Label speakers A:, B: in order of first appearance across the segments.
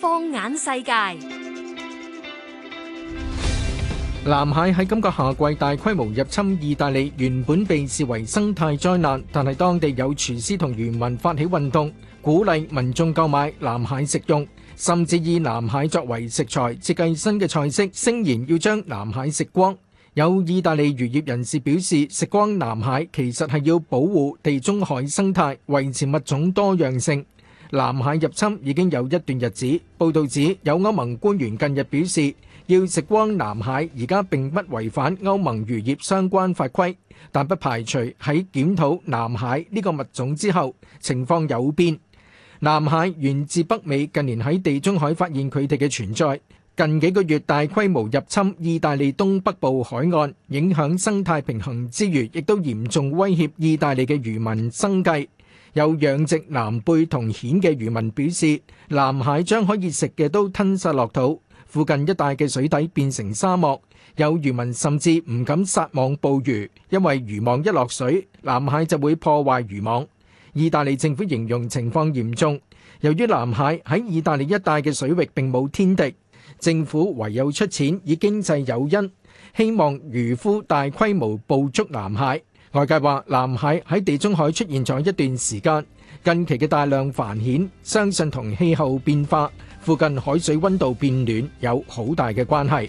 A: 放眼世界，藍蟹喺今個夏季大規模入侵意大利。原本被視為生態災難，但係當地有廚師同漁民發起運動，鼓勵民眾購買藍蟹食用，甚至以藍蟹作為食材，設計新嘅菜式，聲言要將藍蟹食光。有意大利漁業人士表示，食光藍蟹其實係要保護地中海生態，維持物種多樣性。藍蟹入侵已經有一段日子。報導指，有歐盟官員近日表示，要食光藍蟹，而家並不違反歐盟漁業相關法規，但不排除喺檢討藍蟹呢個物種之後，情況有變。藍蟹源自北美，近年喺地中海發現佢哋嘅存在。近幾個月大規模入侵意大利東北部海岸，影響生態平衡之餘，亦都嚴重威脅意大利嘅漁民生計。有養殖藍貝同蜆嘅漁民表示，藍蟹將可以食嘅都吞晒落肚，附近一帶嘅水底變成沙漠。有漁民甚至唔敢撒網捕魚，因為漁網一落水，藍蟹就會破壞漁網。意大利政府形容情況嚴重，由於藍蟹喺意大利一帶嘅水域並冇天敵。政府唯有出錢以經濟誘因，希望漁夫大規模捕捉藍蟹。外界話藍蟹喺地中海出現咗一段時間，近期嘅大量繁衍，相信同氣候變化、附近海水温度變暖有好大嘅關係。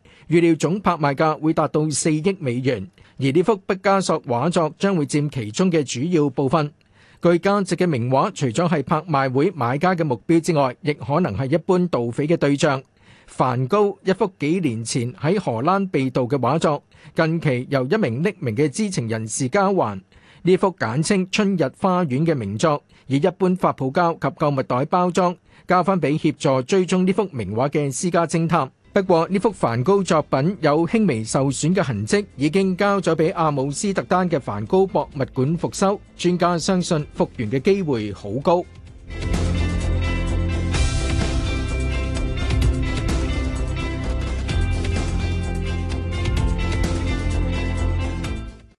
A: 預料總拍賣價會達到四億美元，而呢幅畢加索畫作將會佔其中嘅主要部分。具價值嘅名畫，除咗係拍賣會買家嘅目標之外，亦可能係一般盜匪嘅對象。梵高一幅幾年前喺荷蘭被盜嘅畫作，近期由一名匿名嘅知情人士交還。呢幅簡稱《春日花園》嘅名作，以一般發泡膠及購物袋包裝，交翻俾協助追蹤呢幅名畫嘅私家偵探。不過呢幅梵高作品有輕微受損嘅痕跡，已經交咗畀阿姆斯特丹嘅梵高博物館復修，專家相信復原嘅機會好高。